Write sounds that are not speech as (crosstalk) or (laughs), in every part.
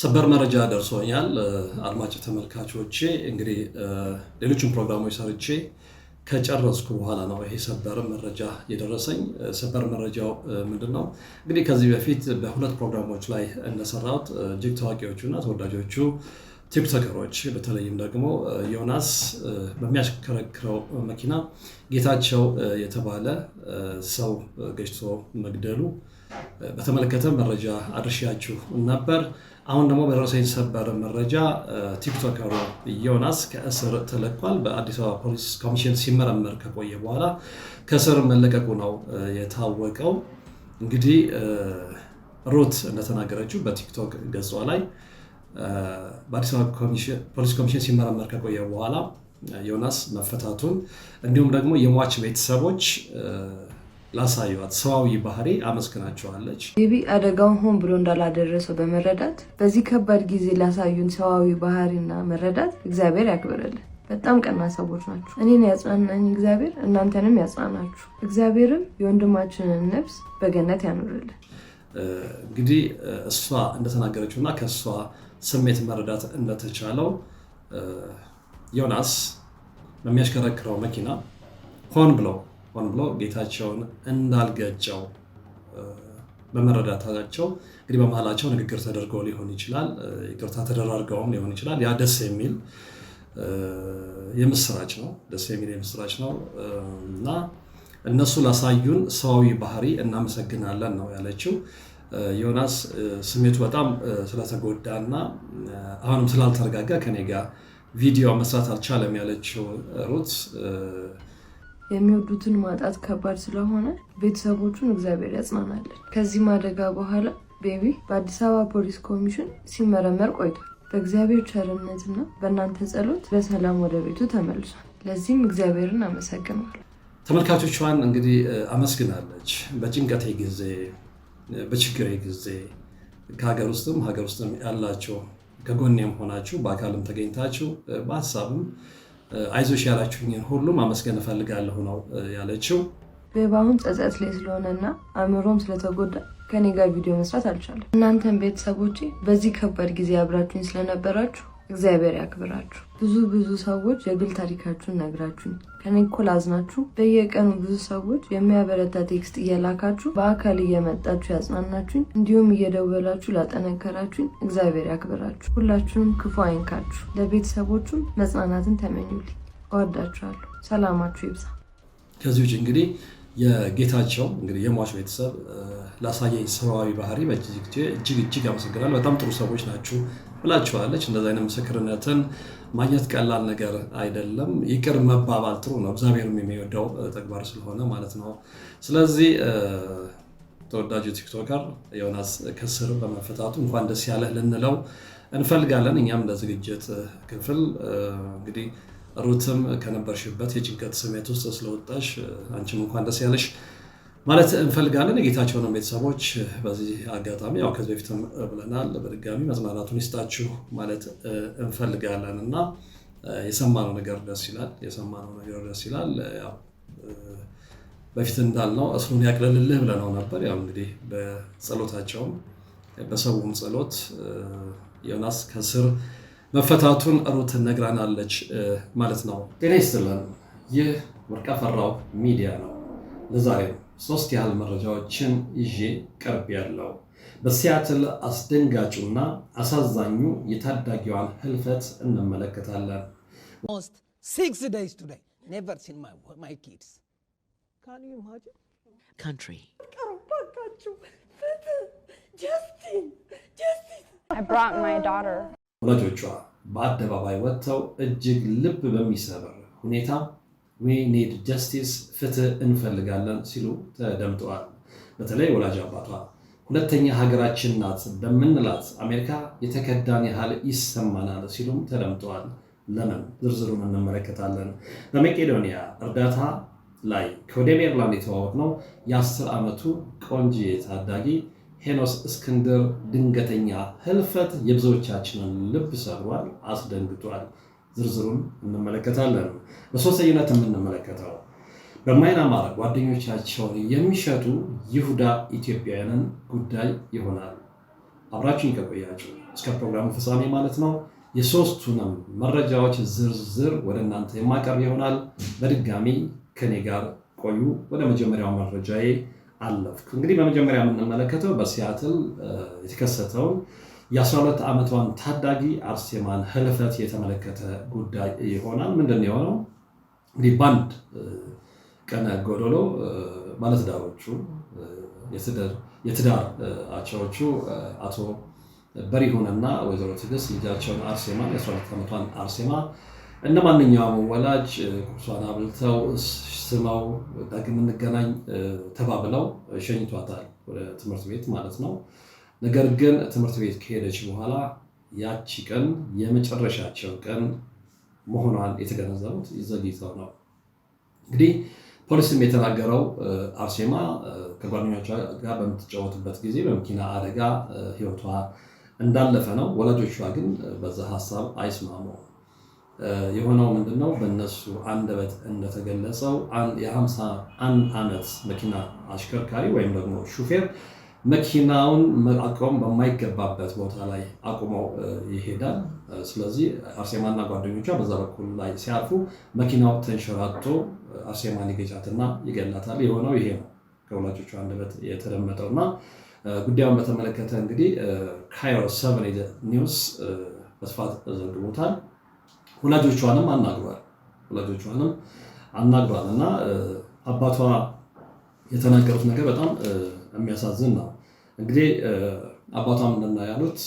ሰበር መረጃ ደርሶኛል። አድማጭ ተመልካቾቼ እንግዲህ ሌሎችን ፕሮግራሞች ሰርቼ ከጨረስኩ በኋላ ነው ይሄ ሰበር መረጃ የደረሰኝ። ሰበር መረጃው ምንድን ነው? እንግዲህ ከዚህ በፊት በሁለት ፕሮግራሞች ላይ እንደሰራሁት እጅግ ታዋቂዎቹ እና ተወዳጆቹ ቲክቶከሮች በተለይም ደግሞ ዮናስ በሚያሽከረክረው መኪና ጌታቸው የተባለ ሰው ገጭቶ መግደሉ በተመለከተ መረጃ አድርሻችሁ ነበር። አሁን ደግሞ በደረሰኝ የተሰበረ መረጃ ቲክቶከሩ ዮናስ ከእስር ተለቋል። በአዲስ አበባ ፖሊስ ኮሚሽን ሲመረመር ከቆየ በኋላ ከእስር መለቀቁ ነው የታወቀው። እንግዲህ ሩት እንደተናገረችው በቲክቶክ ገጿ ላይ በአዲስ አበባ ፖሊስ ኮሚሽን ሲመረመር ከቆየ በኋላ ዮናስ መፈታቱን እንዲሁም ደግሞ የሟች ቤተሰቦች ላሳዩት ሰዋዊ ባህሪ አመስግናቸዋለች። ቤቢ አደጋውን ሆን ብሎ እንዳላደረሰው በመረዳት በዚህ ከባድ ጊዜ ላሳዩን ሰዋዊ ባህሪና መረዳት እግዚአብሔር ያክብርልን። በጣም ቀና ሰዎች ናችሁ። እኔን ያጽናናኝ እግዚአብሔር እናንተንም ያጽናናችሁ። እግዚአብሔርም የወንድማችንን ነፍስ በገነት ያኑርልን። እንግዲህ እሷ እንደተናገረችውና ከእሷ ስሜት መረዳት እንደተቻለው ዮናስ በሚያሽከረክረው መኪና ሆን ብለው ሆን ብለው ጌታቸውን እንዳልገጨው በመረዳታቸው እንግዲህ በመሀላቸው ንግግር ተደርጎ ሊሆን ይችላል፣ ይቅርታ ተደራርገውም ሊሆን ይችላል። ያ ደስ የሚል የምስራች ነው። ደስ የሚል የምስራች ነው እና እነሱ ላሳዩን ሰዋዊ ባህሪ እናመሰግናለን ነው ያለችው። ዮናስ ስሜቱ በጣም ስለተጎዳ እና አሁንም ስላልተረጋጋ ከኔ ጋር ቪዲዮ መስራት አልቻለም ያለችው ሩት የሚወዱትን ማጣት ከባድ ስለሆነ ቤተሰቦቹን እግዚአብሔር ያጽናናለን። ከዚህም አደጋ በኋላ ቤቢ በአዲስ አበባ ፖሊስ ኮሚሽን ሲመረመር ቆይቷል። በእግዚአብሔር ቸርነትና በእናንተ ጸሎት በሰላም ወደ ቤቱ ተመልሷል። ለዚህም እግዚአብሔርን አመሰግናለሁ። ተመልካቾቿን እንግዲህ አመስግናለች። በጭንቀቴ ጊዜ፣ በችግሬ ጊዜ ከሀገር ውስጥም ሀገር ውስጥም ያላቸው ከጎኔም ሆናችሁ በአካልም ተገኝታችሁ በሀሳብም አይዞሽ ያላችሁኝን ሁሉም አመስገን እፈልጋለሁ ነው ያለችው። በአሁን ጸጸት ላይ ስለሆነ አእምሮም ስለተጎዳ ከኔ ጋር ቪዲዮ መስራት አልቻለም። እናንተን ቤተሰቦች በዚህ ከባድ ጊዜ አብራችሁኝ ስለነበራችሁ እግዚአብሔር ያክብራችሁ። ብዙ ብዙ ሰዎች የግል ታሪካችሁን ነግራችሁኝ ከኔ እኮ ላዝናችሁ። በየቀኑ ብዙ ሰዎች የሚያበረታ ቴክስት እየላካችሁ በአካል እየመጣችሁ ያጽናናችሁኝ፣ እንዲሁም እየደወላችሁ ላጠነከራችሁኝ እግዚአብሔር ያክብራችሁ። ሁላችሁንም ክፉ አይንካችሁ። ለቤተሰቦቹም መጽናናትን ተመኙልኝ። እወዳችኋለሁ። ሰላማችሁ ይብዛ። ከዚህ ውጭ እንግዲህ የጌታቸው እንግዲህ የሟች ቤተሰብ ላሳየኝ ሰብአዊ ባህሪ በእጅግ እጅግ አመሰግናለሁ። በጣም ጥሩ ሰዎች ናችሁ ብላችኋለች። እንደዚ አይነት ምስክርነትን ማግኘት ቀላል ነገር አይደለም። ይቅር መባባል ጥሩ ነው፣ እግዚአብሔርም የሚወደው ተግባር ስለሆነ ማለት ነው። ስለዚህ ተወዳጁ ቲክቶከር ዮናስ ከስር በመፈታቱ እንኳን ደስ ያለህ ልንለው እንፈልጋለን። እኛም ለዝግጅት ክፍል እንግዲህ ሩትም ከነበርሽበት የጭንቀት ስሜት ውስጥ ስለወጣሽ አንቺም እንኳን ደስ ያለሽ ማለት እንፈልጋለን። የጌታቸው ነው ቤተሰቦች በዚህ አጋጣሚ ያው ከዚህ በፊትም ብለናል፣ በድጋሚ መጽናናቱን ይስጣችሁ ማለት እንፈልጋለን እና የሰማነው ነገር ደስ ይላል። የሰማነው ነገር ደስ ይላል። በፊት እንዳልነው እስሩን ያቅልልልህ ብለነው ነበር። ያው እንግዲህ በጸሎታቸውም በሰውም ጸሎት ዮናስ ከስር መፈታቱን ሩት ነግራናለች ማለት ነው። ጤና ይስጥልን። ይህ ወርቅ አፈራው ሚዲያ ነው። ለዛሬ ሶስት ያህል መረጃዎችን ይዤ ቀርብ ያለው በሲያትል አስደንጋጩና አሳዛኙ የታዳጊዋን ህልፈት እንመለከታለን። ወላጆቿ በአደባባይ ወጥተው እጅግ ልብ በሚሰብር ሁኔታ ዊ ኔድ ጀስቲስ ፍትህ እንፈልጋለን ሲሉ ተደምጠዋል። በተለይ ወላጅ አባቷ ሁለተኛ ሀገራችን ናት በምንላት አሜሪካ የተከዳን ያህል ይሰማናል ሲሉም ተደምጠዋል። ለምን ዝርዝሩን እንመለከታለን። በመቄዶኒያ እርዳታ ላይ ከወደ ሜሪላንድ የተዋወቅ ነው የአስር ዓመቱ ቆንጂ ታዳጊ ሄኖስ እስክንድር ድንገተኛ ህልፈት የብዙዎቻችንን ልብ ሰብሯል፣ አስደንግጧል። ዝርዝሩን እንመለከታለን። በሶስተኝነት የምንመለከተው በማይናማር ጓደኞቻቸውን የሚሸጡ ይሁዳ ኢትዮጵያውያንን ጉዳይ ይሆናል። አብራችን ከቆያችሁ እስከ ፕሮግራሙ ፍጻሜ ማለት ነው የሶስቱንም መረጃዎች ዝርዝር ወደ እናንተ የማቀርብ ይሆናል። በድጋሚ ከኔ ጋር ቆዩ። ወደ መጀመሪያው መረጃዬ አለፍኩ። እንግዲህ በመጀመሪያ የምንመለከተው በሲያትል የተከሰተውን የ12 ዓመቷን ታዳጊ አርሴማን ህልፈት የተመለከተ ጉዳይ ይሆናል። ምንድን የሆነው እንግዲህ በአንድ ቀነ ጎዶሎ ባለትዳሮቹ የትዳር አቻዎቹ አቶ በሪሁንና ወይዘሮ ትዕግስት ልጃቸውን አርሴማን የ12 ዓመቷን አርሴማ እንደ ማንኛውም ወላጅ ቁርሷን አብልተው ስመው ዳግም እንገናኝ ተባብለው ሸኝቷታል፣ ወደ ትምህርት ቤት ማለት ነው። ነገር ግን ትምህርት ቤት ከሄደች በኋላ ያቺ ቀን የመጨረሻቸው ቀን መሆኗን የተገነዘቡት ዘግይተው ነው። እንግዲህ ፖሊስም የተናገረው አርሴማ ከጓደኞቿ ጋር በምትጫወትበት ጊዜ በመኪና አደጋ ሕይወቷ እንዳለፈ ነው። ወላጆቿ ግን በዛ ሀሳብ አይስማሙም። የሆነው ምንድነው? በእነሱ አንደበት እንደተገለጸው የ51 ዓመት መኪና አሽከርካሪ ወይም ደግሞ ሹፌር መኪናውን መቆም በማይገባበት ቦታ ላይ አቁመው ይሄዳል። ስለዚህ አርሴማና ጓደኞቿ በዛ በኩል ላይ ሲያርፉ መኪናው ተንሸራቶ አርሴማን ይገጫትና ይገላታል። የሆነው ይሄ ነው ከወላጆቹ አንደበት የተደመጠው እና ጉዳዩን በተመለከተ እንግዲህ ካይሮስ ሰቨን ኒውስ በስፋት ዘግቦታል። ወላጆቿንም አናግሯል ወላጆቿንም አናግሯል እና አባቷ የተናገሩት ነገር በጣም የሚያሳዝን ነው። እንግዲህ አባቷም ምንድነው ያሉት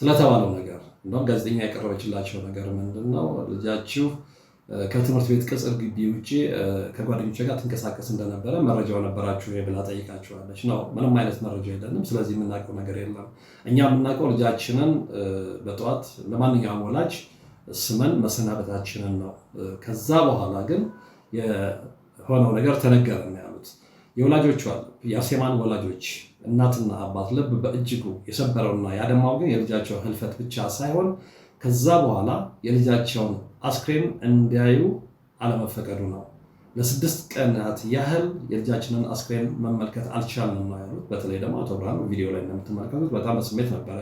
ስለተባለው ነገር እንደውም ጋዜጠኛ ያቀረበችላቸው ነገር ምንድነው ልጃችሁ ከትምህርት ቤት ቅጽር ግቢ ውጭ ከጓደኞች ጋር ትንቀሳቀስ እንደነበረ መረጃው ነበራችሁ ብላ ጠይቃችኋለች። ነው ምንም አይነት መረጃ የለንም፣ ስለዚህ የምናውቀው ነገር የለም። እኛ የምናውቀው ልጃችንን በጠዋት ለማንኛውም ወላጅ ስመን መሰናበታችንን ነው። ከዛ በኋላ ግን የሆነው ነገር ተነገረ የወላጆቹ አሉ የአሴማን ወላጆች እናትና አባት ልብ በእጅጉ የሰበረውና ያደማው ግን የልጃቸው ህልፈት ብቻ ሳይሆን ከዛ በኋላ የልጃቸውን አስክሬን እንዲያዩ አለመፈቀዱ ነው። ለስድስት ቀናት ያህል የልጃችንን አስክሬን መመልከት አልቻልንም ነው ያሉት። በተለይ ደግሞ አቶ ብርሃኑ ቪዲዮ ላይ እንደምትመለከቱት በጣም በስሜት ነበረ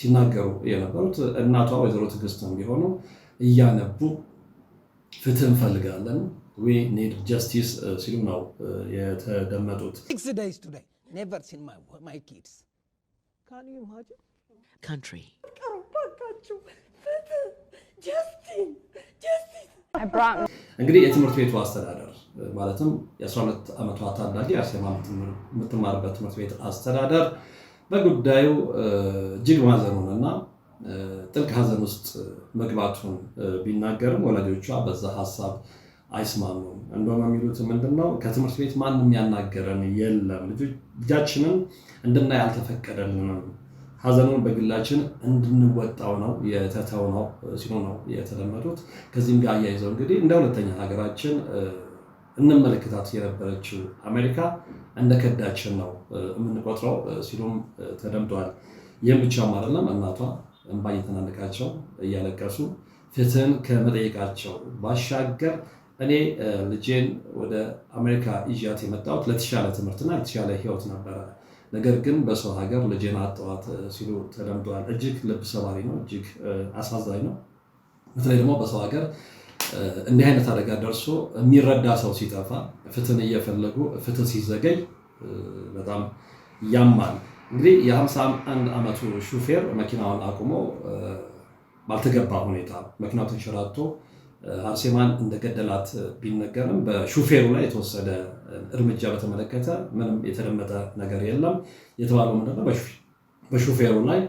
ሲናገሩ የነበሩት። እናቷ ወይዘሮ ትዕግስትም ቢሆኑ እያነቡ ፍትህ እንፈልጋለን ዊ ኒድ ጀስቲስ ሲሉ ነው uh, የተደመጡት። እንግዲህ የትምህርት ቤቱ አስተዳደር uh, ማለትም የ12 ዓመቷ ታዳጊ አርሴማ የምትማርበት ትምህርት ቤት አስተዳደር በጉዳዩ uh, እጅግ ማዘኑን እና ጥልቅ ሀዘን ውስጥ መግባቱን ቢናገርም ወላጆቿ በዛ ሀሳብ አይስማሙም። እንደውም የሚሉት ምንድን ነው? ከትምህርት ቤት ማንም ያናገረን የለም፣ ልጃችንን እንድናይ አልተፈቀደልንም፣ ሀዘኑን በግላችን እንድንወጣው ነው የተተው ነው ሲሉ ነው የተለመዱት። ከዚህም ጋር አያይዘው እንግዲህ እንደ ሁለተኛ ሀገራችን እንመለከታት የነበረችው አሜሪካ እንደከዳችን ነው የምንቆጥረው ሲሉም ተደምጠዋል። ይህም ብቻም አይደለም። እናቷ እንባ እየተናነቃቸው እያለቀሱ ፍትህን ከመጠየቃቸው ባሻገር እኔ ልጄን ወደ አሜሪካ ይዣት የመጣሁት ለተሻለ ትምህርትና ለተሻለ ህይወት ነበረ። ነገር ግን በሰው ሀገር ልጄን አጠዋት ሲሉ ተደምጠዋል። እጅግ ልብ ሰባሪ ነው። እጅግ አሳዛኝ ነው። በተለይ ደግሞ በሰው ሀገር እንዲህ አይነት አደጋ ደርሶ የሚረዳ ሰው ሲጠፋ፣ ፍትህን እየፈለጉ ፍትህ ሲዘገይ በጣም ያማል። እንግዲህ የ51 ዓመቱ ሹፌር መኪናውን አቁሞ ባልተገባ ሁኔታ መኪናው ተንሸራቶ አርሴማን እንደገደላት ቢነገርም በሹፌሩ ላይ የተወሰደ እርምጃ በተመለከተ ምንም የተደመጠ ነገር የለም። የተባለው ምንድነው? በሹፌሩ ላይ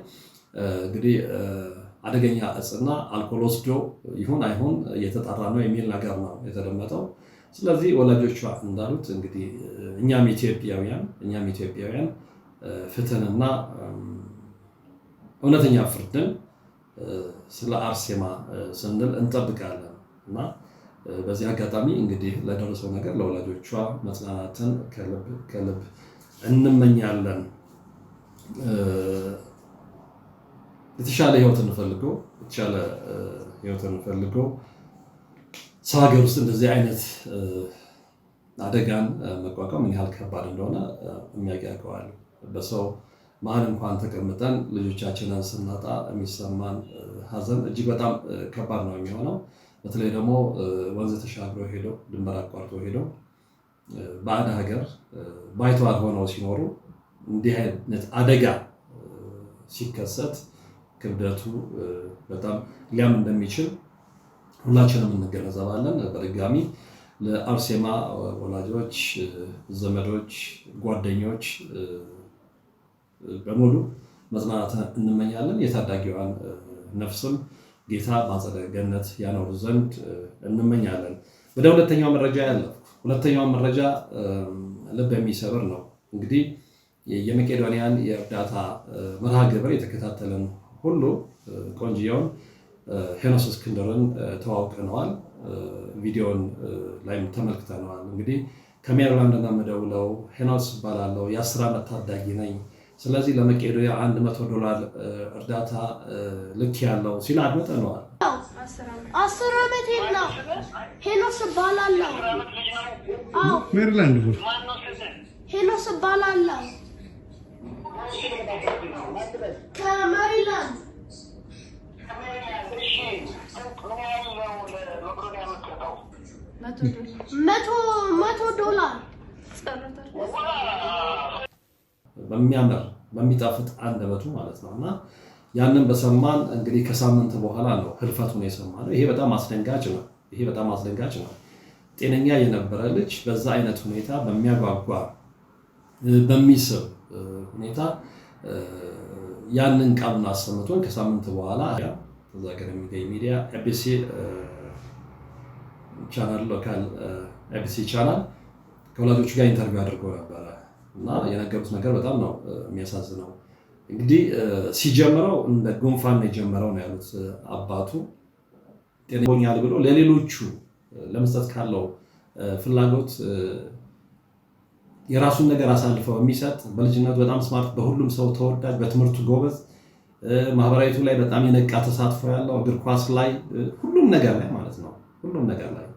እንግዲህ አደገኛ እጽና አልኮል ወስዶ ይሁን አይሁን እየተጣራ ነው የሚል ነገር ነው የተደመጠው። ስለዚህ ወላጆቿ እንዳሉት እንግዲህ እኛም ኢትዮጵያውያን እኛም ኢትዮጵያውያን ፍትህንና እውነተኛ ፍርድን ስለ አርሴማ ስንል እንጠብቃለን። እና በዚህ አጋጣሚ እንግዲህ ለደረሰው ነገር ለወላጆቿ መጽናናትን ከልብ እንመኛለን። የተሻለ ህይወት እንፈልገው የተሻለ ህይወት እንፈልገው። ሰው ሀገር ውስጥ እንደዚህ አይነት አደጋን መቋቋም ምን ያህል ከባድ እንደሆነ የሚያቀያቀዋል። በሰው መሀል እንኳን ተቀምጠን ልጆቻችንን ስናጣ የሚሰማን ሀዘን እጅግ በጣም ከባድ ነው የሚሆነው። በተለይ ደግሞ ወንዝ ተሻግረው ሄደው ድንበር አቋርጠው ሄደው በአንድ ሀገር ባይተዋር ሆነው ሲኖሩ እንዲህ አይነት አደጋ ሲከሰት ክብደቱ በጣም ሊያም እንደሚችል ሁላችንም እንገነዘባለን። በድጋሚ ለአርሴማ ወላጆች፣ ዘመዶች፣ ጓደኞች በሙሉ መጽናናትን እንመኛለን። የታዳጊዋን ነፍስም ጌታ በአጸደ ገነት ያኖሩ ዘንድ እንመኛለን። ወደ ሁለተኛው መረጃ ያለው ሁለተኛው መረጃ ልብ የሚሰብር ነው። እንግዲህ የመቄዶንያን የእርዳታ መርሃ ግብር የተከታተለን ሁሉ ቆንጅየውን ሄኖስ እስክንድርን ተዋውቀነዋል። ቪዲዮን ላይም ተመልክተነዋል። እንግዲህ ከሜሪላንድ ነው የምደውለው። ሄኖስ እባላለሁ። የአስር ዓመት ታዳጊ ነኝ ስለዚህ ለመቄዶንያ አንድ መቶ ዶላር እርዳታ ልክ ያለው ሲል አድምጠነዋል። አስር ዓመት ሄኖስ እባላለሁ። ሜሪላንድ ሄኖስ እባላለሁ ከሜሪላንድ መቶ ዶላር በሚያምር በሚጣፍጥ አንደበቱ ማለት ነው እና ያንን በሰማን እንግዲህ ከሳምንት በኋላ ነው ህልፈቱን የሰማነው። ይሄ በጣም አስደንጋጭ ነው። ይሄ በጣም አስደንጋጭ ነው። ጤነኛ የነበረ ልጅ በዛ አይነት ሁኔታ በሚያጓጓ በሚስብ ሁኔታ ያንን ቃሉን አሰምቶን ከሳምንት በኋላ እዛ ሀገር የሚገኝ ሚዲያ ኤቢሲ ቻናል ሎካል ኤቢሲ ቻናል ከወላጆቹ ጋር ኢንተርቪው አድርጎ ነበረ። እና የነገሩት ነገር በጣም ነው የሚያሳዝነው። እንግዲህ ሲጀምረው እንደ ጉንፋን ነው የጀመረው ነው ያሉት አባቱ። ጤናኛል ብሎ ለሌሎቹ ለመስጠት ካለው ፍላጎት የራሱን ነገር አሳልፈው የሚሰጥ በልጅነቱ በጣም ስማርት፣ በሁሉም ሰው ተወዳጅ፣ በትምህርቱ ጎበዝ፣ ማህበራዊቱ ላይ በጣም የነቃ ተሳትፎ ያለው እግር ኳስ ላይ ሁሉም ነገር ላይ ማለት ነው ሁሉም ነገር ላይ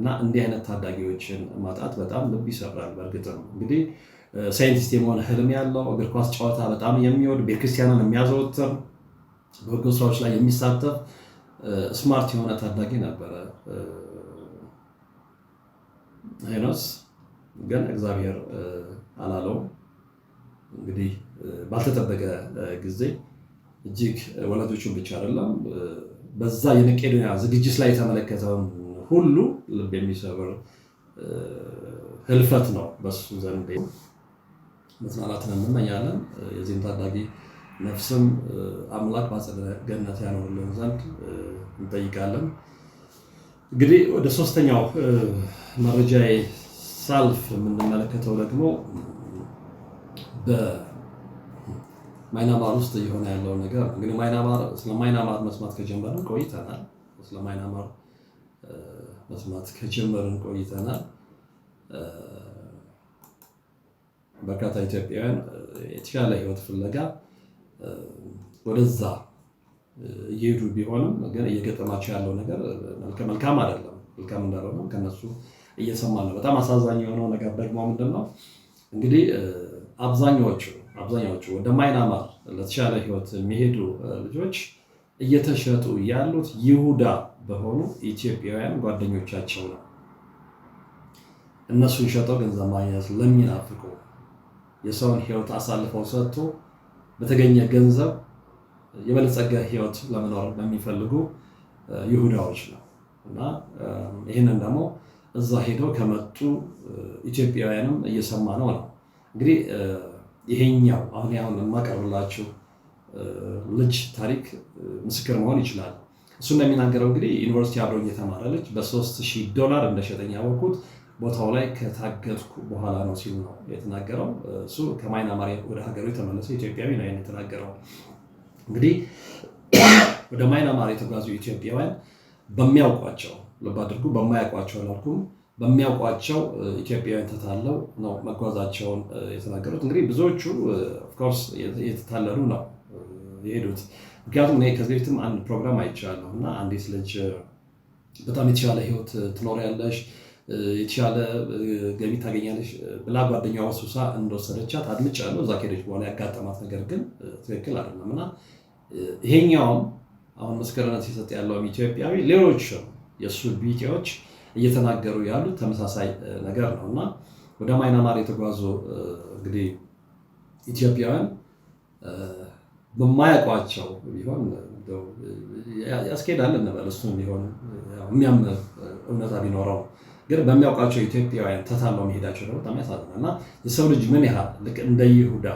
እና እንዲህ አይነት ታዳጊዎችን ማጣት በጣም ልብ ይሰብራል። በእርግጥ ነው እንግዲህ ሳይንቲስት የመሆን ህልም ያለው እግር ኳስ ጨዋታ በጣም የሚወድ ቤተክርስቲያንን የሚያዘወትር በጎ ስራዎች ላይ የሚሳተፍ ስማርት የሆነ ታዳጊ ነበረ ሄኖስ። ግን እግዚአብሔር አላለውም። እንግዲህ ባልተጠበቀ ጊዜ እጅግ ወላጆቹን ብቻ አይደለም በዛ የመቄዶንያ ዝግጅት ላይ የተመለከተውን ሁሉ ልብ የሚሰብር ህልፈት ነው። በሱ ዘንድ መጽናናትን እንመኛለን። የዚህም ታዳጊ ነፍስም አምላክ በአጸደ ገነት ያኖርልን ዘንድ እንጠይቃለን። እንግዲህ ወደ ሶስተኛው መረጃ ሳልፍ የምንመለከተው ደግሞ በማይናማር ውስጥ እየሆነ ያለው ነገር እንግዲህ ማይናማር ስለ ማይናማር መስማት ከጀመርን ቆይተናል። ስለ ማይናማር መስማት ከጀመርን ቆይተናል። በርካታ ኢትዮጵያውያን የተሻለ ህይወት ፍለጋ ወደዛ እየሄዱ ቢሆንም ግን እየገጠማቸው ያለው ነገር መልካም አይደለም። መልካም እንዳልሆነ ከነሱ እየሰማ ነው። በጣም አሳዛኝ የሆነው ነገር ደግሞ ምንድን ነው እንግዲህ አብዛኛዎቹ አብዛኛዎቹ ወደ ማይናማር ለተሻለ ህይወት የሚሄዱ ልጆች እየተሸጡ ያሉት ይሁዳ በሆኑ ኢትዮጵያውያን ጓደኞቻቸው ነው። እነሱን ሸጠው ገንዘብ ማግኘት ለሚናፍቁ የሰውን ሕይወት አሳልፈው ሰጥቶ በተገኘ ገንዘብ የበለጸገ ሕይወት ለመኖር ለሚፈልጉ ይሁዳዎች ነው እና ይህንን ደግሞ እዛ ሄደው ከመጡ ኢትዮጵያውያንም እየሰማ ነው ነው እንግዲህ ይሄኛው አሁን አሁን የማቀርብላችሁ ልጅ ታሪክ ምስክር መሆን ይችላል። እሱ እንደሚናገረው እንግዲህ ዩኒቨርሲቲ አብረኝ የተማረ ልጅ በሶስት ሺህ ዶላር እንደሸጠኝ ያወቅኩት ቦታው ላይ ከታገጥኩ በኋላ ነው ሲሉ ነው የተናገረው። እሱ ከማይናማር ወደ ሀገሩ የተመለሰ ኢትዮጵያዊ ነው የተናገረው። እንግዲህ ወደ ማይናማር የተጓዙ ኢትዮጵያውያን በሚያውቋቸው ልብ አድርጉ፣ በማያውቋቸው አላልኩም፣ በሚያውቋቸው ኢትዮጵያውያን ተታለው ነው መጓዛቸውን የተናገሩት። እንግዲህ ብዙዎቹ ኦፍኮርስ የተታለሉ ነው የሄዱት። ምክንያቱም እኔ ከዚህ በፊትም አንድ ፕሮግራም አይቻለሁ እና አንዲት ልጅ በጣም የተሻለ ህይወት ትኖሪያለሽ፣ የተሻለ ገቢ ታገኛለሽ ብላ ጓደኛዋ ሱሳ እንደወሰደቻት አድምጫለሁ። እዛ ከሄደች በኋላ ያጋጠማት ነገር ግን ትክክል አይደለም እና ይሄኛውም አሁን ምስክርነት ሲሰጥ ያለውም ኢትዮጵያዊ ሌሎች የእሱ ቢጤዎች እየተናገሩ ያሉ ተመሳሳይ ነገር ነው እና ወደ ማይናማር የተጓዙ እንግዲህ ኢትዮጵያውያን በማያውቋቸው ቢሆን ያስኬዳል እንበል። እሱ ቢሆን የሚያም እውነታ ቢኖረው ግን በሚያውቃቸው ኢትዮጵያውያን ተታለው መሄዳቸው ደግሞ በጣም ያሳዝናል እና የሰው ልጅ ምን ያህል ልክ እንደ ይሁዳ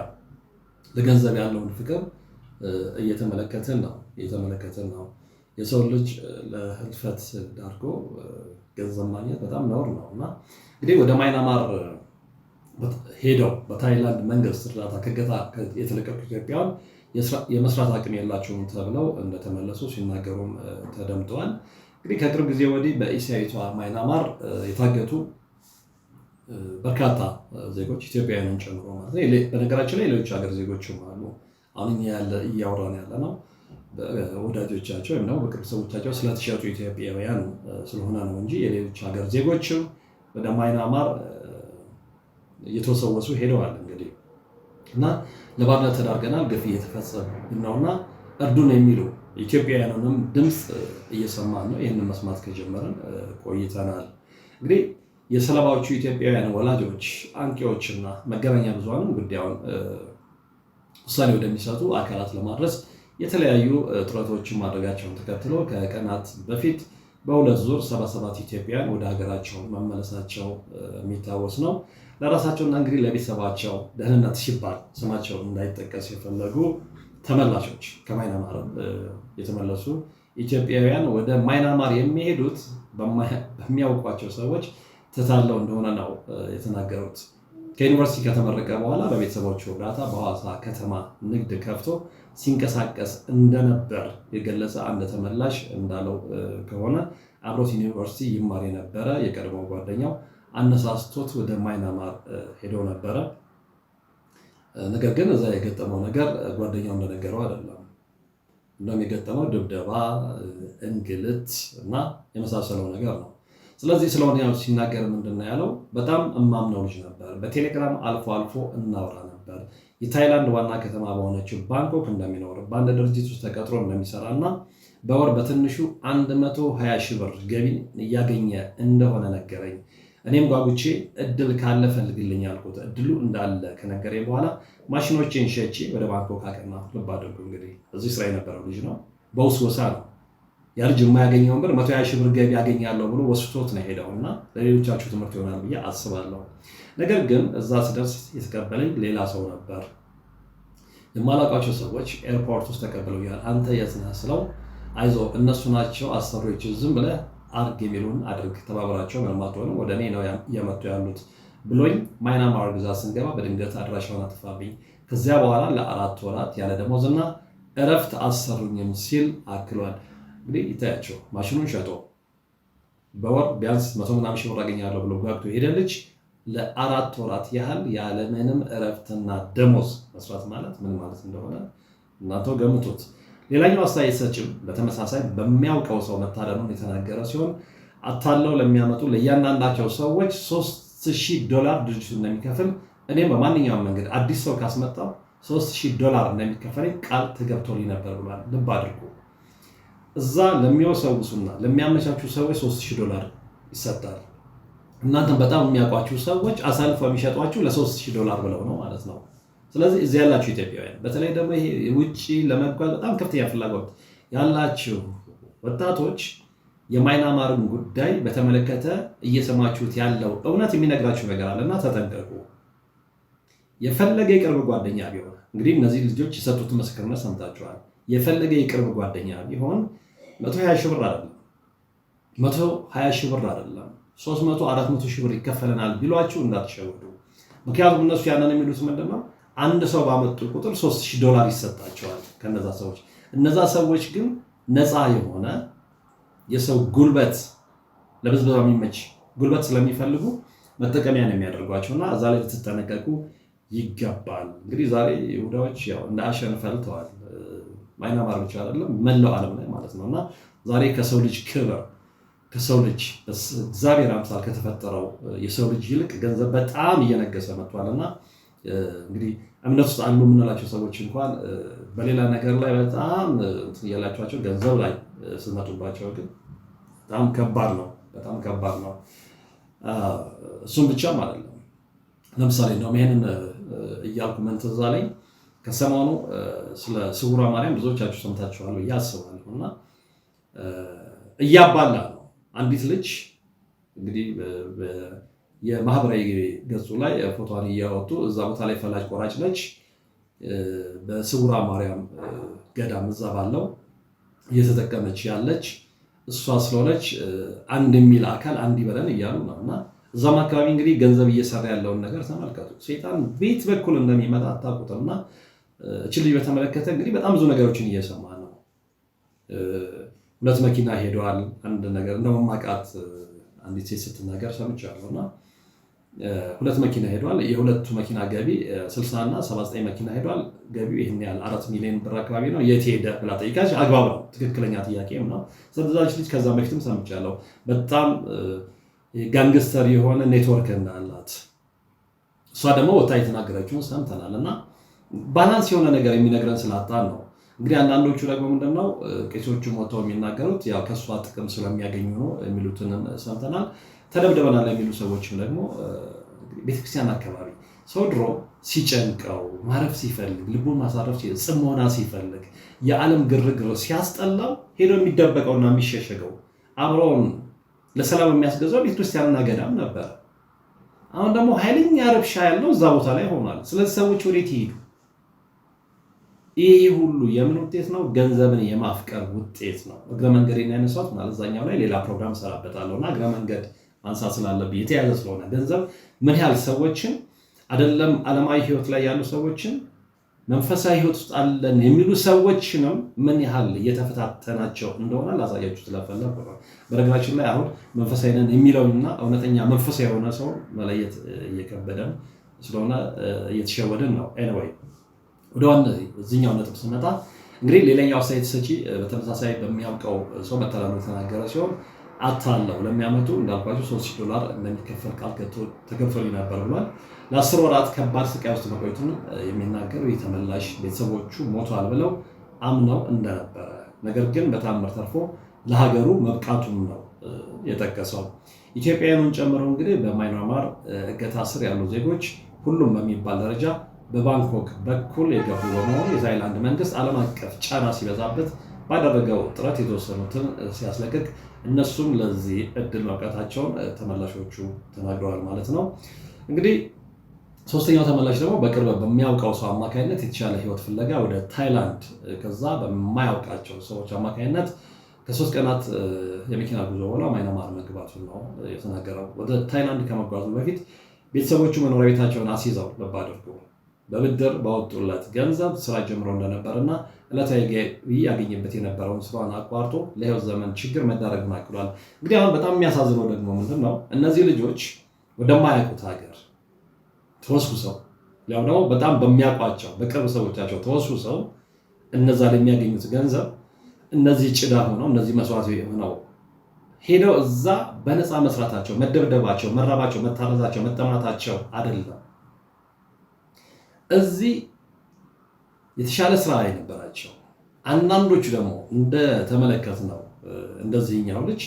ለገንዘብ ያለውን ፍቅር እየተመለከትን ነው እየተመለከትን ነው። የሰው ልጅ ለህልፈት ዳርጎ ገንዘብ ማግኘት በጣም ነውር ነው እና እንግዲህ ወደ ማይናማር ሄደው በታይላንድ መንግስት እርዳታ ከገታ የተለቀቁ ኢትዮጵያውያን የመስራት አቅም የላቸውም ተብለው እንደተመለሱ ሲናገሩም ተደምጠዋል። እንግዲህ ከቅርብ ጊዜ ወዲህ በእስያዊቷ ማይናማር የታገቱ በርካታ ዜጎች ኢትዮጵያውያንን ጨምሮ ማለት ነው። በነገራችን ላይ ሌሎች ሀገር ዜጎችም አሉ። አሁን ያለ እያወራን ያለ ነው ወዳጆቻቸው ወይም ደግሞ በቅርብ ሰዎቻቸው ስለተሸጡ ኢትዮጵያውያን ስለሆነ ነው እንጂ የሌሎች ሀገር ዜጎችም ወደ ማይናማር እየተወሰወሱ ሄደዋል እንግዲህ እና ለባዳ ተዳርገናል፣ ግፍ እየተፈጸመ ነውና እርዱን የሚሉ ኢትዮጵያውያንንም ድምፅ እየሰማን ነው። ይህንን መስማት ከጀመርን ቆይተናል። እንግዲህ የሰለባዎቹ ኢትዮጵያውያን ወላጆች፣ አንቂዎችና መገናኛ ብዙሃንም ጉዳዩን ውሳኔ ወደሚሰጡ አካላት ለማድረስ የተለያዩ ጥረቶችን ማድረጋቸውን ተከትሎ ከቀናት በፊት በሁለት ዙር ሰባሰባት ኢትዮጵያን ኢትዮጵያውያን ወደ ሀገራቸው መመለሳቸው የሚታወስ ነው። ለራሳቸውና እንግዲህ ለቤተሰባቸው ደህንነት ሲባል ስማቸው እንዳይጠቀስ የፈለጉ ተመላሾች ከማይናማር የተመለሱ ኢትዮጵያውያን ወደ ማይናማር የሚሄዱት (laughs) በሚያውቋቸው ሰዎች ተታለው እንደሆነ ነው የተናገሩት። ከዩኒቨርሲቲ ከተመረቀ በኋላ በቤተሰቦቹ እርዳታ በሐዋሳ ከተማ ንግድ ከፍቶ ሲንቀሳቀስ እንደነበር የገለጸ አንድ ተመላሽ እንዳለው ከሆነ አብሮት ዩኒቨርሲቲ ይማር የነበረ የቀድሞ ጓደኛው አነሳስቶት ወደ ማይናማር ሄደው ነበረ። ነገር ግን እዛ የገጠመው ነገር ጓደኛው እንደነገረው አይደለም። እንደውም የገጠመው ድብደባ፣ እንግልት እና የመሳሰለው ነገር ነው። ስለዚህ ስለሆነ ያው ሲናገር ምንድን ያለው? በጣም እማምነው ልጅ ነበር። በቴሌግራም አልፎ አልፎ እናወራ ነበር። የታይላንድ ዋና ከተማ በሆነችው ባንኮክ እንደሚኖር በአንድ ድርጅት ውስጥ ተቀጥሮ እንደሚሰራ እና በወር በትንሹ 120 ሺህ ብር ገቢ እያገኘ እንደሆነ ነገረኝ። እኔም ጓጉቼ እድል ካለ ፈልግልኝ አልኩት። እድሉ እንዳለ ከነገረኝ በኋላ ማሽኖቼን ሸጬ ወደ ባንኮክ አቀና። ልብ እንግዲህ እዚህ ስራ የነበረው ልጅ ነው። በውስ ወሳ ነው ያ ልጅ የማያገኘውን ብር መቶ ሀያ ሺህ ብር ገቢ ያገኛለሁ ብሎ ወስቶት ነው ሄደው እና ለሌሎቻችሁ ትምህርት ይሆናል ብዬ አስባለሁ። ነገር ግን እዛ ስደርስ የተቀበለኝ ሌላ ሰው ነበር። የማላውቃቸው ሰዎች ኤርፖርት ውስጥ ተቀብለውኛል። አንተ የት ነህ ስለው አይዞ እነሱ ናቸው አሰሪዎች፣ ዝም ብለህ አርግ የሚሉን አድርግ ተባብራቸው መልማት ሆነ ወደ እኔ ነው እየመጡ ያሉት ብሎኝ ማይናማር ግዛ ስንገባ በድንገት አድራሻውን አጥፋብኝ። ከዚያ በኋላ ለአራት ወራት ያለ ደሞዝና እረፍት አሰሩኝም ሲል አክሏል። እንግዲህ ይታያቸው ማሽኑን ሸጦ በወር ቢያንስ መቶ ምናምን ሺህ ብር አገኛለሁ ብሎ ጓግቶ ሄደ ልጅ ለአራት ወራት ያህል ያለምንም እረፍትና ደሞዝ መስራት ማለት ምን ማለት እንደሆነ እናንተው ገምቱት። ሌላኛው አስተያየት ሰጭም በተመሳሳይ በሚያውቀው ሰው መታደኑን የተናገረ ሲሆን አታለው ለሚያመጡ ለእያንዳንዳቸው ሰዎች 3000 ዶላር ድርጅቱ እንደሚከፍል እኔም በማንኛውም መንገድ አዲስ ሰው ካስመጣው 3000 ዶላር እንደሚከፈለኝ ቃል ተገብቶልኝ ነበር ብሏል። ልብ አድርጎ እዛ ለሚወሰውሱና ለሚያመቻቹ ሰዎች 3000 ዶላር ይሰጣል። እናንተም በጣም የሚያውቋችሁ ሰዎች አሳልፈው የሚሸጧችሁ ለ3000 ዶላር ብለው ነው ማለት ነው። ስለዚህ እዚህ ያላችሁ ኢትዮጵያውያን በተለይ ደግሞ ይሄ ውጭ ለመጓዝ በጣም ከፍተኛ ፍላጎት ያላችሁ ወጣቶች የማይናማርን ጉዳይ በተመለከተ እየሰማችሁት ያለው እውነት የሚነግራችሁ ነገር አለና ተጠንቀቁ። የፈለገ የቅርብ ጓደኛ ቢሆን እንግዲህ እነዚህ ልጆች የሰጡት ምስክርነት ሰምታችኋል። የፈለገ የቅርብ ጓደኛ ቢሆን መቶ ሀያ ሺህ ብር አይደለም መቶ ሀያ ሺህ ብር አይደለም ሶስት መቶ አራት መቶ ሺህ ብር ይከፈለናል ቢሏችሁ እንዳትሸወዱ። ምክንያቱም እነሱ ያንን የሚሉት ምንድን ነው አንድ ሰው ባመጡ ቁጥር 3000 ዶላር ይሰጣቸዋል ከነዛ ሰዎች። እነዛ ሰዎች ግን ነፃ የሆነ የሰው ጉልበት ለብዝበዛ የሚመች ጉልበት ስለሚፈልጉ መጠቀሚያ ነው የሚያደርጓቸው እና እዛ ላይ ልትጠነቀቁ ይገባል። እንግዲህ ዛሬ ይሁዳዎች ያው እንደ አሸን ፈልተዋል። ማይናማር ብቻ አይደለም መላው ዓለም ላይ ማለት ነው እና ዛሬ ከሰው ልጅ ክብር ከሰው ልጅ እግዚአብሔር አምሳል ከተፈጠረው የሰው ልጅ ይልቅ ገንዘብ በጣም እየነገሰ መጥቷል እና እንግዲህ እምነት ውስጥ አሉ የምንላቸው ሰዎች እንኳን በሌላ ነገር ላይ በጣም ያላቸዋቸው ገንዘብ ላይ ስመጡባቸው ግን በጣም ከባድ ነው፣ በጣም ከባድ ነው። እሱም ብቻም አይደለም። ለምሳሌ እንደውም ይህንን እያልኩ ምን ትዝ አለኝ ከሰሞኑ ስለ ስውሯ ማርያም ብዙዎቻችሁ ሰምታችኋል ብዬ አስባለሁ። እና እያባላ ነው አንዲት ልጅ እንግዲህ የማህበራዊ ገጹ ላይ ፎቶዋን እያወጡ እዛ ቦታ ላይ ፈላጭ ቆራጭ ነች። በስውራ ማርያም ገዳም እዛ ባለው እየተጠቀመች ያለች እሷ ስለሆነች አንድ የሚል አካል አንድ ይበለን እያሉ ነው። እና እዛም አካባቢ እንግዲህ ገንዘብ እየሰራ ያለውን ነገር ተመልከቱ። ሴጣን ቤት በኩል እንደሚመጣ አታውቁትም። እና እችን ልጅ በተመለከተ እንግዲህ በጣም ብዙ ነገሮችን እየሰማ ነው። ሁለት መኪና ሄደዋል። አንድ ነገር እንደመማቃት አንዲት ሴት ስትናገር ሰምቻለሁ እና ሁለት መኪና ሄዷል። የሁለቱ መኪና ገቢ 60 እና 79 መኪና ሄዷል። ገቢው ይህን ያህል አራት ሚሊዮን ብር አካባቢ ነው። የት ሄደ ብላ ጠይቃች። አግባብ ነው፣ ትክክለኛ ጥያቄም ነው። ስለዛች ልጅ ከዛ በፊትም ሰምቻለሁ። በጣም ጋንግስተር የሆነ ኔትወርክ እንዳላት እሷ ደግሞ ወታ የተናገረችውን ሰምተናል። እና ባላንስ የሆነ ነገር የሚነግረን ስላጣን ነው። እንግዲህ አንዳንዶቹ ደግሞ ምንድነው ቄሶቹም ሞተው የሚናገሩት ያው ከእሷ ጥቅም ስለሚያገኙ ነው የሚሉትንም ሰምተናል። ተደብደበናል የሚሉ ሰዎችም ደግሞ ቤተክርስቲያን አካባቢ ሰው ድሮ ሲጨንቀው ማረፍ ሲፈልግ ልቡን ማሳረፍ ጽሞና ሲፈልግ የዓለም ግርግር ሲያስጠላው ሄዶ የሚደበቀውና የሚሸሸገው አብረውን ለሰላም የሚያስገዛው ቤተክርስቲያንና ገዳም ነበር። አሁን ደግሞ ኃይለኛ ረብሻ ያለው እዛ ቦታ ላይ ሆኗል። ስለዚህ ሰዎች ወዴት ይሄዱ? ይህ ሁሉ የምን ውጤት ነው? ገንዘብን የማፍቀር ውጤት ነው። እግረ መንገድ ያነሷት ማለዛኛው ላይ ሌላ ፕሮግራም ሰራበታለሁ እና እግረ መንገድ ማንሳት ስላለብኝ የተያዘ ስለሆነ ገንዘብ ምን ያህል ሰዎችን አይደለም ዓለማዊ ህይወት ላይ ያሉ ሰዎችን መንፈሳዊ ህይወት ውስጥ አለን የሚሉ ሰዎችንም ምን ያህል እየተፈታተናቸው እንደሆነ ላሳያችሁ ስለፈለኩ ነው። በነገራችን ላይ አሁን መንፈሳዊ ነን የሚለውንና እውነተኛ መንፈሳዊ የሆነ ሰው መለየት እየከበደን ስለሆነ እየተሸወደን ነው። ኤኒዌይ ወደ ዋና እዚኛው ነጥብ ስመጣ እንግዲህ ሌላኛው አስተያየት ሰጪ በተመሳሳይ በሚያውቀው ሰው መተላለፍ የተናገረ ሲሆን አታለው ለሚያመጡ እንዳልኳቸው 3 ዶላር እንደሚከፈል ቃል ተከፈሉ ነበር ብሏል። ለአስር ወራት ከባድ ስቃይ ውስጥ መቆየቱን የሚናገሩ የተመላሽ ቤተሰቦቹ ሞቷል ብለው አምነው እንደነበረ ነገር ግን በታምር ተርፎ ለሀገሩ መብቃቱን ነው የጠቀሰው። ኢትዮጵያውያኑን ጨምሮ እንግዲህ በማይናማር እገታ ስር ያሉ ዜጎች ሁሉም በሚባል ደረጃ በባንኮክ በኩል የገቡ በመሆኑ የታይላንድ መንግስት ዓለም አቀፍ ጫና ሲበዛበት ባደረገው ጥረት የተወሰኑትን ሲያስለቅቅ እነሱም ለዚህ እድል መብቃታቸውን ተመላሾቹ ተናግረዋል ማለት ነው። እንግዲህ ሶስተኛው ተመላሽ ደግሞ በቅርብ በሚያውቀው ሰው አማካኝነት የተሻለ ህይወት ፍለጋ ወደ ታይላንድ ከዛ በማያውቃቸው ሰዎች አማካኝነት ከሶስት ቀናት የመኪና ጉዞ በኋላ ማይናማር መግባቱ ነው የተናገረው። ወደ ታይላንድ ከመጓዙ በፊት ቤተሰቦቹ መኖሪያ ቤታቸውን አስይዘው ልብ አድርጎ በብድር ባወጡለት ገንዘብ ስራ ጀምሮ እንደነበርና ዕለታዊ ገቢ ያገኝበት የነበረውን ስራውን አቋርጦ ለህይወት ዘመን ችግር መዳረግ አቅዷል። እንግዲህ አሁን በጣም የሚያሳዝነው ደግሞ ምንድን ነው እነዚህ ልጆች ወደማያውቁት ሀገር ሰው ያው ደግሞ በጣም በሚያውቋቸው በቅርብ ሰዎቻቸው ሰው እነዛ ለሚያገኙት ገንዘብ እነዚህ ጭዳ ሆነው እነዚህ መስዋዕት ሆነው ሄደው እዛ በነፃ መስራታቸው፣ መደብደባቸው፣ መራባቸው፣ መታረዛቸው፣ መጠማታቸው አይደለም እዚህ የተሻለ ስራ የነበራቸው አንዳንዶቹ ደግሞ እንደተመለከትነው እንደዚህኛው ልጅ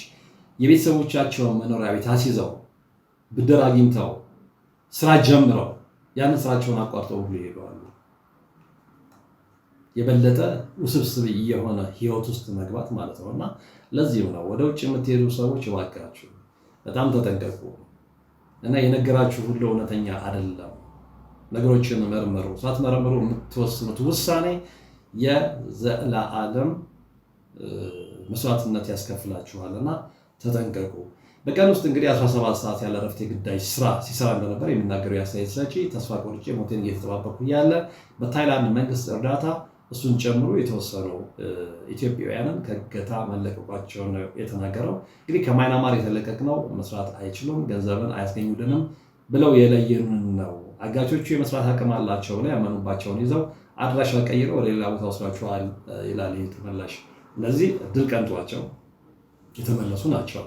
የቤተሰቦቻቸውን መኖሪያ ቤት አስይዘው ብድር አግኝተው ስራ ጀምረው ያንን ስራቸውን አቋርጠው ሁሉ ይሄደዋሉ። የበለጠ ውስብስብ የሆነ ህይወት ውስጥ መግባት ማለት ነው። እና ለዚህም ነው ወደ ውጭ የምትሄዱ ሰዎች እባካችሁ በጣም ተጠንቀቁ እና የነገራችሁ ሁሉ እውነተኛ አይደለም። ነገሮችን መርምሩ። ሳትመረምሩ የምትወስኑት ውሳኔ የዘለዓለም መስዋዕትነት ያስከፍላችኋል እና ተጠንቀቁ። በቀን ውስጥ እንግዲህ 17 ሰዓት ያለ እረፍት የግዳጅ ስራ ሲሰራ እንደነበር የሚናገረው የአስተያየት ሰጪ ተስፋ ቆርጬ ሞቴን እየተጠባበኩ ያለ በታይላንድ መንግስት እርዳታ እሱን ጨምሮ የተወሰኑ ኢትዮጵያውያንን ከገታ መለቀቋቸው ነው የተናገረው። እንግዲህ ከማይናማር የተለቀቅነው መስራት አይችሉም፣ ገንዘብን አያስገኙልንም ብለው የለየንን ነው አጋቾቹ የመስራት አቅም አላቸው ያመኑባቸውን ይዘው አድራሻ ቀይረው ወደ ሌላ ቦታ ወስዷቸዋል ይላል ይህ ተመላሽ። እነዚህ እድል ቀንቷቸው የተመለሱ ናቸው።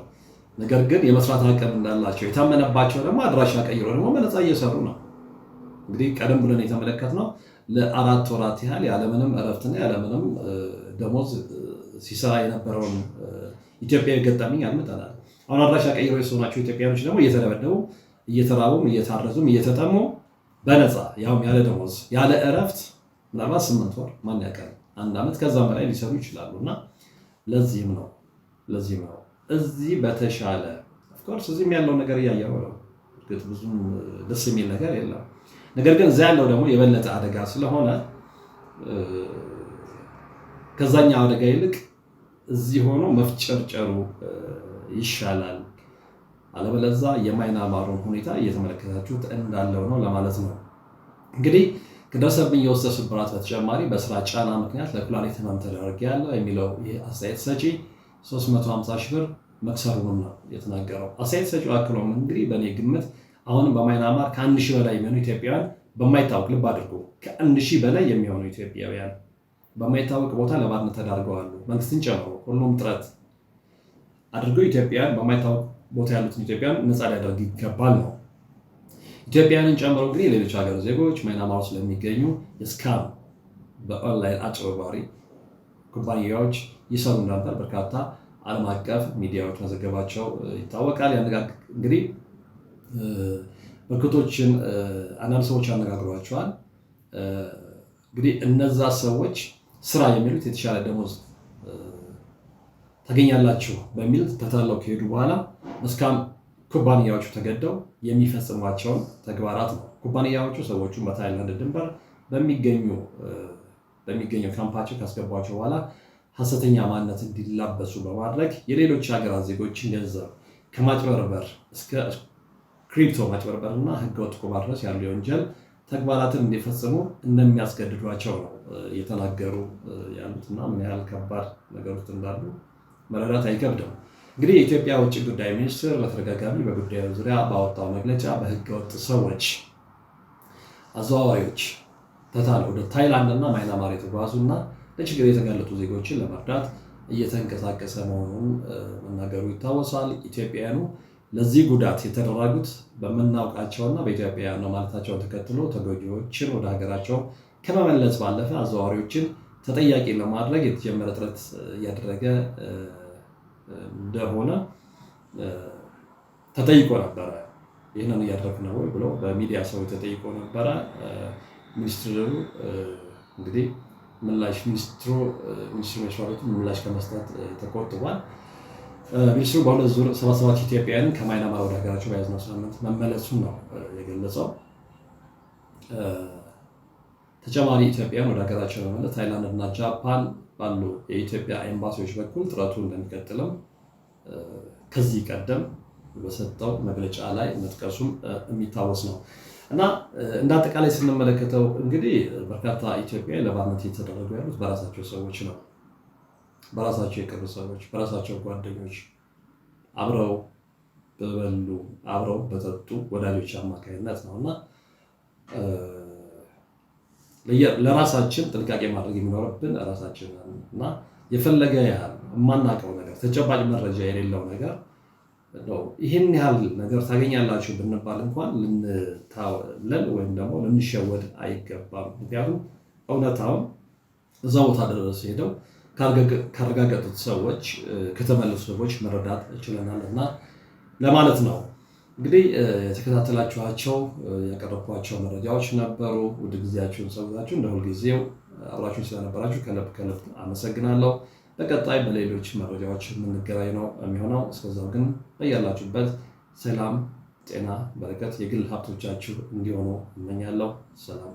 ነገር ግን የመስራት አቅም እንዳላቸው የታመነባቸው ደግሞ አድራሻ ቀይረው ደግሞ በነፃ እየሰሩ ነው። እንግዲህ ቀደም ብለን የተመለከትነው ለአራት ወራት ያህል ያለምንም እረፍትና ያለምንም ደሞዝ ሲሰራ የነበረውን ኢትዮጵያዊ ገጠመኝ ያልመጠናል። አሁን አድራሻ ቀይረው የሰሆናቸው ኢትዮጵያኖች ደግሞ እየተደበደቡ እየተራቡም እየታረዙም እየተጠሙ በነፃ ያውም ያለ ደሞዝ ያለ እረፍት ምናልባት ስምንት ወር ማን ያውቃል አንድ ዓመት ከዛም በላይ ሊሰሩ ይችላሉ እና ለዚህም ነው ለዚህም ነው እዚህ በተሻለ ኦፍኮርስ እዚህም ያለው ነገር እያየው ነው። እርግጥ ብዙም ደስ የሚል ነገር የለም። ነገር ግን እዚያ ያለው ደግሞ የበለጠ አደጋ ስለሆነ ከዛኛው አደጋ ይልቅ እዚህ ሆኖ መፍጨርጨሩ ይሻላል አለበለዛ የማይናማሩን ሁኔታ እየተመለከታችሁት እንዳለው ነው ለማለት ነው። እንግዲህ ከደረሰብኝ የውስጥ ስብራት በተጨማሪ በስራ ጫና ምክንያት ለኩላሊት ህመም ተደርጌያለሁ የሚለው ይህ አስተያየት ሰጪ 350 ሺህ ብር መክሰሩን ነው የተናገረው። አስተያየት ሰጪው አክሎም እንግዲህ በእኔ ግምት አሁንም በማይናማር ከአንድ ሺህ በላይ የሚሆኑ ኢትዮጵያውያን በማይታወቅ ልብ አድርጎ ከአንድ ሺህ በላይ የሚሆኑ ኢትዮጵያውያን በማይታወቅ ቦታ ለባርነት ተዳርገዋሉ። መንግስትን ጨምሮ ሁሉም ጥረት አድርገው ኢትዮጵያውያን በማይታወቅ ቦታ ያሉትን ኢትዮጵያን ነፃ ሊያደርግ ይገባል ነው። ኢትዮጵያንን ጨምሮ እንግዲህ የሌሎች ሀገር ዜጎች ማይናማር ስለሚገኙ የስካም በኦንላይን አጭበርባሪ ኩባንያዎች ይሰሩ ነበር። በርካታ ዓለም አቀፍ ሚዲያዎች መዘገባቸው ይታወቃል። እንግዲህ ምልክቶችን አንዳንድ ሰዎች ያነጋግሯቸዋል። እንግዲህ እነዛ ሰዎች ስራ የሚሉት የተሻለ ደሞዝ ታገኛላችሁ በሚል ተታለው ከሄዱ በኋላ እስካም ኩባንያዎቹ ተገደው የሚፈጽሟቸውን ተግባራት ነው። ኩባንያዎቹ ሰዎቹን በታይላንድ ድንበር በሚገኘው ካምፓቸው ካስገቧቸው በኋላ ሀሰተኛ ማንነት እንዲላበሱ በማድረግ የሌሎች ሀገራት ዜጎችን ገንዘብ ከማጭበርበር እስከ ክሪፕቶ ማጭበርበር እና ህገወጥ ቁማር ድረስ ያሉ የወንጀል ተግባራትን እንዲፈጽሙ እንደሚያስገድዷቸው ነው እየተናገሩ ያሉትና ምን ያህል ከባድ ነገሮች እንዳሉ መረዳት አይከብድም። እንግዲህ የኢትዮጵያ ውጭ ጉዳይ ሚኒስትር በተደጋጋሚ በጉዳዩ ዙሪያ ባወጣው መግለጫ በህገወጥ ሰዎች አዘዋዋሪዎች ተታለ ወደ ታይላንድ እና ማይናማር የተጓዙ እና ለችግር የተጋለጡ ዜጎችን ለመርዳት እየተንቀሳቀሰ መሆኑን መናገሩ ይታወሳል። ኢትዮጵያውያኑ ለዚህ ጉዳት የተደረጉት በምናውቃቸውና በኢትዮጵያውያን ነው ማለታቸውን ተከትሎ ተጎጂዎችን ወደ ሀገራቸው ከመመለስ ባለፈ አዘዋዋሪዎችን ተጠያቂ ለማድረግ የተጀመረ ጥረት እያደረገ እንደሆነ ተጠይቆ ነበረ። ይህንን እያደረግ ነው ብሎ በሚዲያ ሰው ተጠይቆ ነበረ። ሚኒስትሩ እንግዲህ ምላሽ ሚኒስትሩ ሚኒስትሩ መስዋዕቱ ምላሽ ከመስጠት ተቆጥቧል። ሚኒስትሩ በሁለት ዙር ሰባ ሰባት ኢትዮጵያውያንን ከማይናማር ወደ ሀገራቸው በያዝነው ሳምንት መመለሱን ነው የገለጸው። ተጨማሪ ኢትዮጵያውያን ወደ ሀገራቸው ለመመለስ ታይላንድ እና ጃፓን ባሉ የኢትዮጵያ ኤምባሲዎች በኩል ጥረቱ እንደሚቀጥልም ከዚህ ቀደም በሰጠው መግለጫ ላይ መጥቀሱም የሚታወስ ነው እና እንደ አጠቃላይ ስንመለከተው እንግዲህ በርካታ ኢትዮጵያ ለባርነት እየተደረጉ ያሉት በራሳቸው ሰዎች ነው። በራሳቸው የቅርብ ሰዎች፣ በራሳቸው ጓደኞች፣ አብረው በበሉ አብረው በጠጡ ወዳጆች አማካኝነት ነው እና ለራሳችን ጥንቃቄ ማድረግ የሚኖርብን ራሳችን እና የፈለገ ያህል የማናውቀው ነገር ተጨባጭ መረጃ የሌለው ነገር ይህን ያህል ነገር ታገኛላችሁ ብንባል እንኳን ልንታለል ወይም ደግሞ ልንሸወድ አይገባም። ምክንያቱም እውነታውን እዛ ቦታ ድረስ ሄደው ካረጋገጡት ሰዎች ከተመለሱ ሰዎች መረዳት ችለናል እና ለማለት ነው። እንግዲህ የተከታተላችኋቸው ያቀረብኳቸው መረጃዎች ነበሩ። ውድ ጊዜያችሁን ሰውታችሁ እንደ ሁልጊዜው አብራችሁን ስለነበራችሁ ከልብ ከልብ አመሰግናለሁ። በቀጣይ በሌሎች መረጃዎች የምንገናኝ ነው የሚሆነው። እስከዛው ግን በያላችሁበት ሰላም፣ ጤና፣ በረከት የግል ሀብቶቻችሁ እንዲሆኑ እመኛለሁ። ሰላም